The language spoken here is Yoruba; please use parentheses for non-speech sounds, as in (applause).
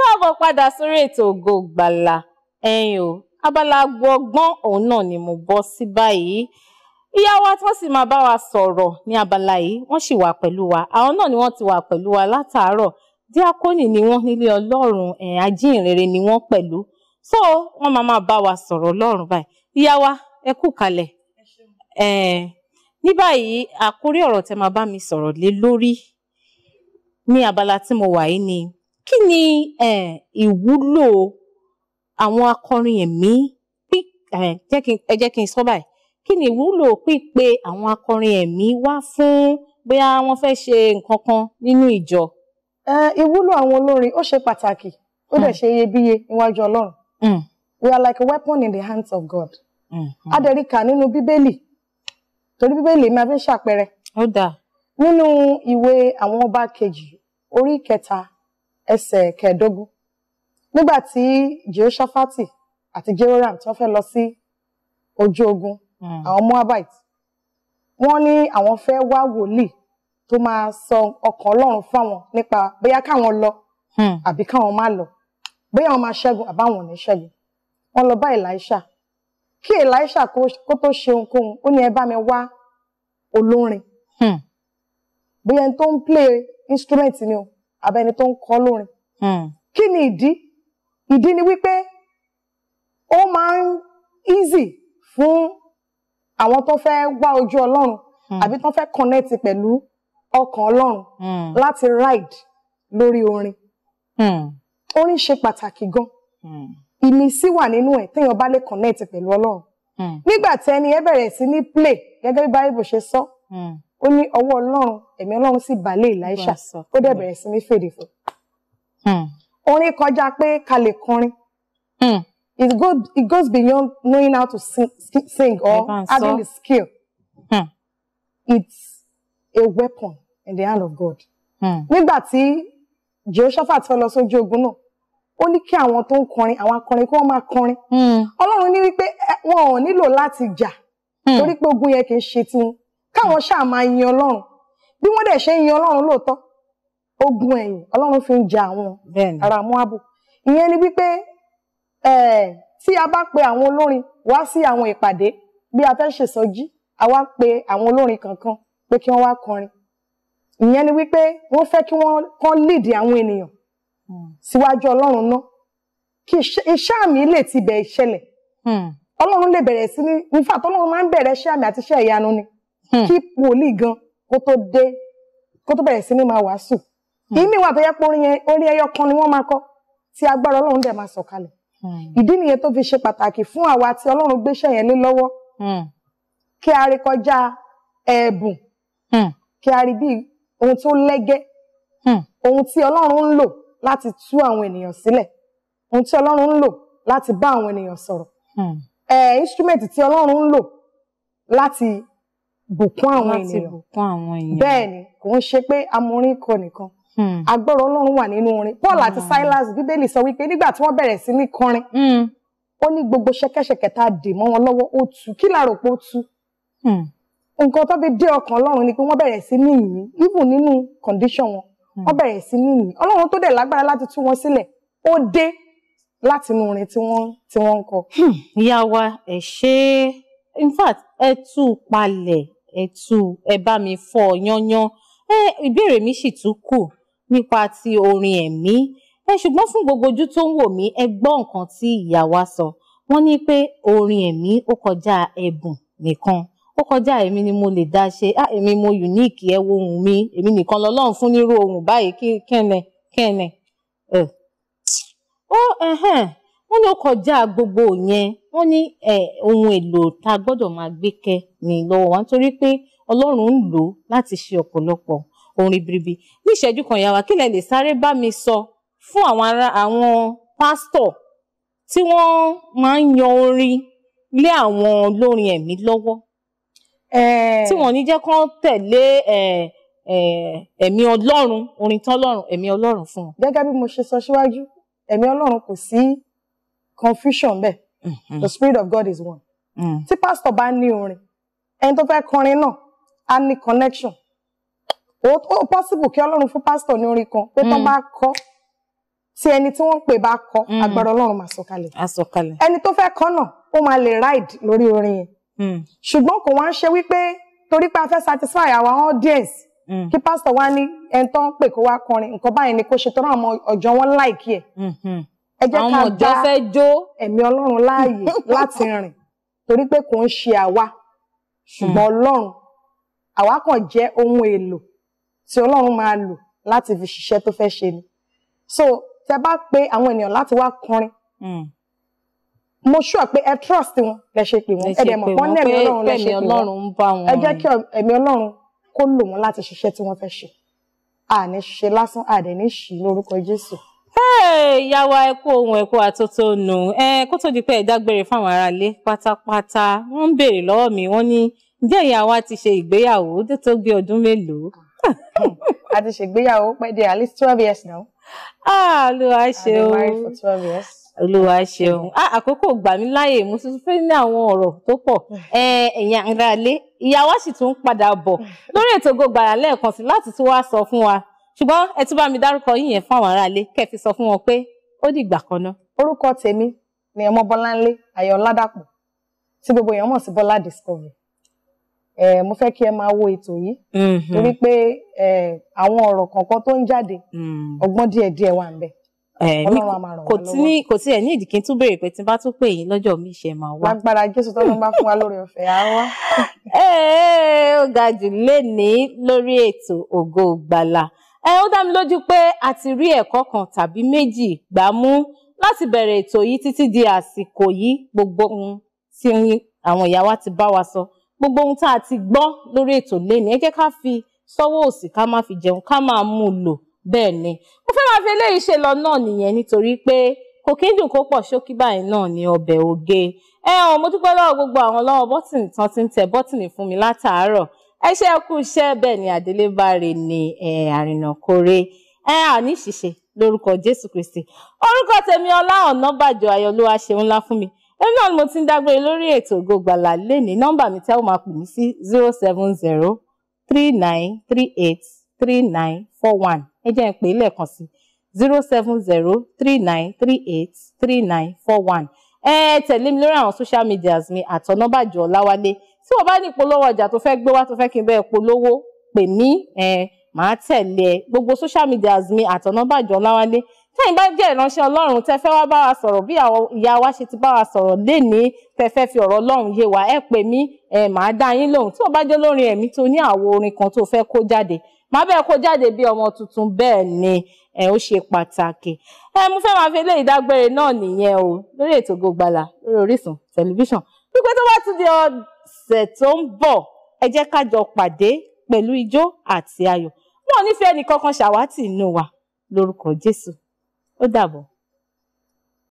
káàbọ̀ padà sórí ètò Ògo Ìgbàlà ẹ̀yin o abala gbọgbọ́n òun náà ni mo bọ́ sí báyìí ìyá wa tí wọ́n sì máa bá wa sọ̀rọ̀ ní abala yìí wọ́n sì wà pẹ̀lú wa àwọn náà ni wọ́n ti wà pẹ̀lú wa látàárọ̀ díákónì ni wọ́n nílé Ọlọ́run ẹ̀ ajínrere ni wọ́n pẹ̀lú so wọ́n máa máa bá wa sọ̀rọ̀ Ọlọ́run báyìí ìyá wa ẹ kú kalẹ̀ ẹ̀ ní báyìí àkórí ọ̀rọ̀ tẹ́ máa bá mi sọ̀rọ̀ lé lórí ní abala tí mo wà yìí ni kí ni ìwúlò àwọn akọrin ẹ̀mí ẹ jẹ́ kí n sọ báyìí kí ni ìwúlò pípe àwọn akọrin ẹ̀mí wá fún bóyá wọ́n fẹ́ ṣe nǹkan kan nínú ìjọ. ìwúlò àwọn olórin ó ṣe pàtàkì ó dẹ̀ hmm. ṣe iyebíye níwájú ọlọ́run hmm. we are like a weapon in the hands of God. Hmm. adẹ̀ríkà nínú bíbélì torí bíbélì máa fi ń ṣàpẹẹrẹ. ó dáa. nínú ìwé àwọn ọba kejì orí kẹta ẹsẹ̀ kẹẹ̀ẹ́dógún nígbà tí jehoshaphat àti jehoram tí wọ́n fẹ́ lọ sí ojú ogun hmm. àwọn moabite wọ́n ní àwọn fẹ́ wá wòlíì tó máa sọ ọkàn Ọlọ́run fáwọn nípa bóyá káwọn lọ hmm. àbí káwọn má lọ bóyá wọ́n máa ṣẹ́gun àbáwọn ò ní ṣẹ́gun wọ́n lọ bá elisha kí elisha kó tó ṣe ohunkóhun ó ní ẹ bá mi wá olórin hmm. bóyá ẹni tó ń play instrument ni o abẹ́ni tó ń kọ lórin hmm. kí ni ìdí ìdí ni wípé ó máa ń easy fún àwọn tó fẹ́ wá ojú ọlọ́run hmm. àbí tó fẹ́ connect pẹ̀lú ọkàn ọlọ́run hmm. láti ride lórí orin orin ṣe pàtàkì gan ìmísí wà nínú ẹ̀ téèyàn bá lè connect pẹ̀lú ọlọ́run nígbà tí ẹni ẹ bẹ̀rẹ̀ sí ní play gẹ́gẹ́ bí Bible ṣe sọ ó ní ọwọ́ ọlọ́run ẹ̀mí ọlọ́run sì bàálẹ̀ Elisha ó dẹ̀ bẹ̀rẹ̀ sí ní fèdè fún hmm. orin kọjá pé ká lè kọrin hmm. it goes beyond knowing how to sing, sing or having the skill hmm. it's a weapon in the hand of God hmm. nígbà tí Jehoshaphat fẹ́ lọ sójú ogun náà ó ní kí àwọn tó ń kọrin àwọn akọrin kí wọ́n máa kọrin ọlọ́run ní wípé wọn ò nílò láti jà torí pé ogun yẹn kì í ṣe tiwọn káwọn ṣáà máa yin ọlọ́run bí wọ́n dẹ̀ ṣe ń yin ọlọ́run lóòótọ́ ogun ẹ̀yìn ọlọ́run fi ń ja àwọn ará Móábù ìyẹn ni wípé tí a bá pe àwọn olórin wá sí àwọn ìpàdé bí a fẹ́ ṣèsọjí a wá pe àwọn olórin kankan pé kí wọ́n wá kọrin ìyẹn ni wípé wọ́n fẹ́ kí wọ́n kán lead àwọn ènìyàn hmm. síwájú ọlọ́run náà kí iṣẹ́ àmì lè ti bẹ̀ ṣẹlẹ̀ hmm. ọlọ́run lè bẹ̀rẹ̀ sí ní nífà tọ́lọ́run máa ń bẹ̀rẹ̀ iṣẹ́ àmì àti iṣẹ́ ìyanu ni Hmm. kí wòlíì gan kó tó dé kó tó bẹ̀rẹ̀ sí ní máa wàásù hmm. ìmí wà tó yẹ pé orin ẹyọ kan ni wọ́n máa kọ tí agbára Ọlọ́run dẹ̀ máa sọ̀kalẹ̀ hmm. ìdí nìyẹn tó fi ṣe pàtàkì fún àwa tí Ọlọ́run gbéṣẹ́ yẹn lé lọ́wọ́ kí a rí kọjá ẹ̀bùn kí a rí bí ohun tó lẹ́gẹ́ ohun tí Ọlọ́run ń lò láti tú àwọn ènìyàn sílẹ̀ ohun tí Ọlọ́run ń lò láti bá àwọn ènìyàn sọ̀rọ̀ instrument tí Ọlọ́run ń lò láti bùkún àwọn ènìyàn bẹ́ẹ̀ ni kò ń ṣe pé amúrin kọ nìkan hmm. agbọ́rọ̀ ọlọ́run wà nínú orin Paul àti ah. Silas bíbélì sọ wípé nígbà tí wọ́n bẹ̀rẹ̀ sí ní kọrin hmm. ó ní gbogbo ṣẹ̀kẹ̀ṣẹ̀kẹ̀ tá a dè mọ́ wọn lọ́wọ́ ó tú kí láàrò pé ó tú hmm. nǹkan tó fi dé ọkàn ọlọ́run ni pé wọ́n bẹ̀rẹ̀ sí ní yìnyín even nínú condition wọn wọ́n bẹ̀rẹ̀ sí ní yìnyín ọlọ́run tó dẹ̀ lágbára láti tú wọn sílẹ̀ ó dé látinú orin tí wọ́n ń kọ. ìyá wa ẹ ṣe é in fact ẹ tú palẹ̀ ẹ tú ẹ bá mi fọ́ yányán ẹ ìbéèrè mi sì tún kù nípa ti orin ẹ̀mí ẹ ṣùgbọ́n fún gbogbo ojú tó ń wò mí ẹ gbọ́ nǹkan tí ìyá wa sọ wọ́n ní pé orin ẹ̀mí ó kọjá ẹ̀bùn nìkan ó kọjá èmi ni mo lè dá ṣe á èmi mo unique ẹ wo ohùn mi èmi nìkan lọ́lọ́run fún nírú ohùn báyìí kí kẹ́nẹ̀ kẹ́nẹ̀ ó ẹ̀hẹ́n wọ́n ní ó kọjá gbogbo yẹn wọ́n ní ohun èlò tá a gbọ́dọ̀ máa gbé kẹ́ ní lọ́wọ́ wa nítorí pé Ọlọ́run ń lò ó láti ṣe ọ̀pọ̀lọpọ̀ ohun ribiribi ní ìṣẹ́jú kan ìyàwó akílẹ̀ lè sáré bá mi sọ fún àwọn ará àwọn pásítọ̀ tí wọ́n máa ń yan orin lé àwọn olórin ẹ̀mí lọ́wọ́ tí wọ́n ní jẹ́ kán tẹ̀lé ẹ̀mí Ọlọ́run orin tọ́lọ́run ẹ̀mí Ọlọ́run fún wọn. gẹ́gẹ́ bí mo ṣe sọ síwájú ẹ̀mí Ọlọ́run kò sí confusion bẹ́ẹ̀ Mm-hmm. the spirit of God is one. See, mm. Pastor, bá ní orin ẹni tó fẹ́ kọrin náà á ní connection ó possible kí ọlọ́run fún pásítọ̀ ní orin kan pé tó mm. bá kọ́ tí ẹni tí wọ́n ń pè bá kọ́ mm. agbára ọlọ́run máa sọ̀kalẹ̀ àsọ̀kalẹ̀ ẹni tó fẹ́ kọ́ náà ó máa lè ride lórí orin yẹn ṣùgbọ́n kò wá ń ṣe wípé torí pé a fẹ́ satisfy our audience kí Pastor wá ní ẹni tó ń pè kó wá kọrin nǹkan báyìí ni kó ṣe tó náà ọmọ wọn láìkí ẹ̀ mm-hmm ẹ jẹ́ ká gba ẹ̀mí ọlọ́run láàyè (laughs) láti rìn torí pé kò ń ṣe àwa ṣùgbọ́n hmm. ọlọ́run àwa kàn jẹ́ ohun èlò tí ọlọ́run máa lò láti fi ṣiṣẹ́ tó fẹ́ ṣe ni so tẹ bá pe àwọn ènìyàn láti wá kọrin hmm. mo sure pé ẹ trust wọn lẹ ṣe pé wọn ẹ dẹ̀ mọ̀ pọ́n ní ẹ̀mí ọlọ́run lẹ ṣe pé wọn ẹ jẹ́ kí ẹ̀mí ọlọ́run kó lò wọ́n láti ṣiṣẹ́ tí wọ́n fẹ́ ṣe àní ṣe lásán àdẹ̀ ṣì lórúkọ jésù ìyá wa ẹ kú ohun ẹ kú àtótónu ẹ kó tó di pé ẹ fáwọn aráalé pátápátá wọ́n ń béèrè lọ́wọ́ mi wọ́n ní ǹjẹ́ ìyá wa ti ṣe ìgbéyàwó tó tó bí ọdún mélòó. a ti ṣègbéyàwó pẹ́ dé at least twelve years now. ah olúwa ṣeun. I've been married for ah àkókò gbà mí láàyè mo tún fẹ́ ní àwọn ọ̀rọ̀ tó pọ̀ ẹ̀yin aráalé ìyá wa sì tún padà bọ̀ lórí ètò Ògo Ìgbàlà lẹ́ẹ̀kan sí láti tún wá sọ fún wa ṣùgbọ́n ẹ tún bá mi dárúkọ yín yẹn fún àwọn aráalé kẹ́ fi sọ fún wọn pé ó dìgbà kan náà. orúkọ tèmi ni ọmọ Bọ́láńlé Ayọ̀ Ọládàpọ̀ tí gbogbo èèyàn mọ̀ sí Bọ́lá Discovery eh, mo fẹ́ kí ẹ máa wo ètò yìí mhm. torí pé àwọn ọ̀rọ̀ kọ̀ọ̀kan tó ń jáde mhm. ọgbọ́n díẹ̀díẹ̀ wà ń bẹ kò tí ẹ ní ìdí kí n tún béèrè pé tí n bá tún pè yín lọ́jọ́ mi ṣe máa wá. lágbára jésù tó ló ń bá fún wa lórí ọ̀fẹ́ á wá. (laughs) ó ga jù lénìí lórí ètò Ògo Ìgbàlà ẹ ó dá mi lójú pé a ti rí ẹ̀kọ́ kan tàbí méjì gbà mú láti bẹ̀rẹ̀ ètò yìí títí di àsìkò yìí gbogbo ohun tí àwọn ìyá wa ti bá wa sọ gbogbo ohun tá a ti gbọ́ lórí ètò lẹ́nu ẹ jẹ́ ká fi sọ́wọ́ òsì ká má fi jẹun ká máa mú un lò bẹ́ẹ̀ ni mo fẹ́ máa fi eléyìí ṣe lọ náà nìyẹn nítorí pé kò kí ń dùn kó pọ̀ ṣókí báyìí náà ní ọbẹ̀ oge ẹ ọ̀n mo dúpẹ́ lọ́wọ́ gbogbo àwọn lọ́wọ́ bọ́tìnì tán ti ń tẹ bọ́tìnì fún mi látàárọ̀ ẹ ṣe é kú iṣẹ́ bẹ́ẹ̀ ni àdélébáre ni àrìnàkóre ẹ àní ṣìṣe lórúkọ jésù kristi orúkọ tèmi ọlá ọ̀nàbàjọ ayọ̀lúwa ṣe ńlá fún mi èmi náà ni mo ti ń dágbére lórí ètò Ògo lẹ́ni nọ́mbà mi tẹ́ máa pè mí sí zero seven zero three nine three eight three nine four one ẹ jẹ́ ń pè é lẹ́ẹ̀kan sí zero seven zero three nine three eight three nine four one ẹ tẹ̀lé mi lórí àwọn social medias mi àtọ̀nàbàjọ ọ̀làwálé tí o bá ní ìpolówó ọjà tó fẹ́ gbé wá tó fẹ́ kí n bẹ́ẹ̀ polówó pè mí màá tẹ̀lé gbogbo social media mi àtọ̀nàbàjọ́ láwálé tẹ́yìn bá jẹ́ ìránṣẹ́ ọlọ́run tẹ́ fẹ́ wá bá wa sọ̀rọ̀ bí ìyá wa ṣe ti bá wa sọ̀rọ̀ lénìí tẹ́ fẹ́ fi ọ̀rọ̀ ọlọ́run yé wa ẹ pè mí ẹ màá dá yín lóhùn tí o bá jẹ́ lórin ẹ̀mí tó ní àwo orin kan tó fẹ́ kó jáde màá bẹ́ẹ̀ kó jáde bí ọmọ tuntun bẹ́ẹ̀ ni ẹ ó ṣe pàtàkì ẹ mo fẹ́ máa fi eléyìí dágbére náà nìyẹn o lórí ètò Ògo Ìgbàlà lórí Orísun tẹlifíṣàn wípé tó bá tún di ọ̀sẹ̀ tó ń bọ̀ ẹ jẹ́ ká jọ pàdé pẹ̀lú ijó àti ayọ̀ wọn ò ní fẹ́ ẹnì kankan ṣàwátì inú wa lórúkọ Jésù ó dàbọ̀.